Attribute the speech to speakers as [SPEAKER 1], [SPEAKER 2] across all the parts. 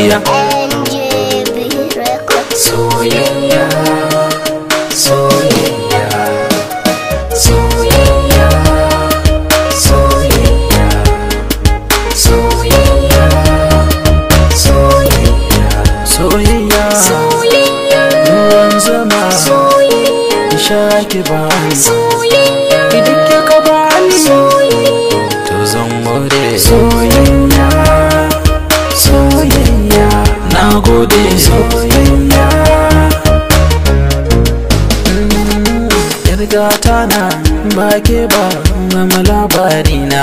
[SPEAKER 1] Soyayya Soyayya Soyayya Soyayya Soyayya Soyayya Soyayya Soyayya Ruwan zama Soyayya Ki sha ki ba Soyayya Ki duk ya ka ba ni Soyayya To zan more Soyayya
[SPEAKER 2] na gode tana mm, Yargata na ba ke ba mama labari na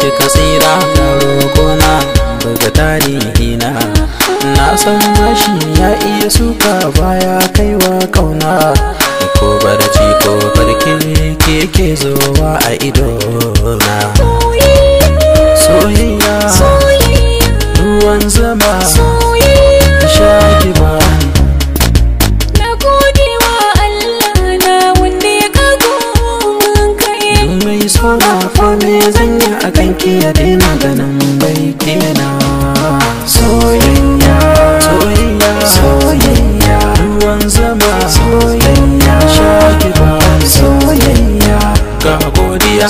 [SPEAKER 2] Idan kasira tsira na na buga tarihi na Na san mashi ya iya suka baya kaiwa kauna Ko barci ko barki ke ke zowa a ido na
[SPEAKER 1] ki ya daina ganin bai kina soyayya soyayya soyayya ruwan zama soyayya shaki soyayya ga godiya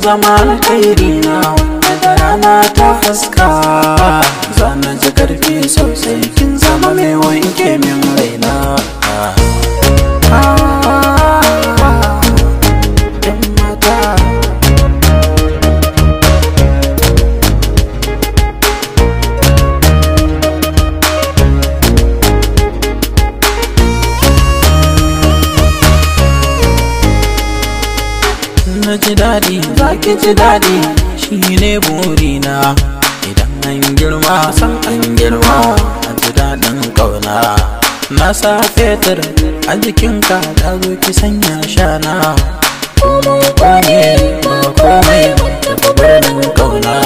[SPEAKER 2] zama alkhairi na wanda rana ta haska zana na dadi daɗi za ki ji daɗi shi ne na idan an girma san an girma a ji daɗin ƙauna na sa fetur a jikinka ta zo ki sanya shana
[SPEAKER 1] kuma kwane kuma kwane ta birnin ƙauna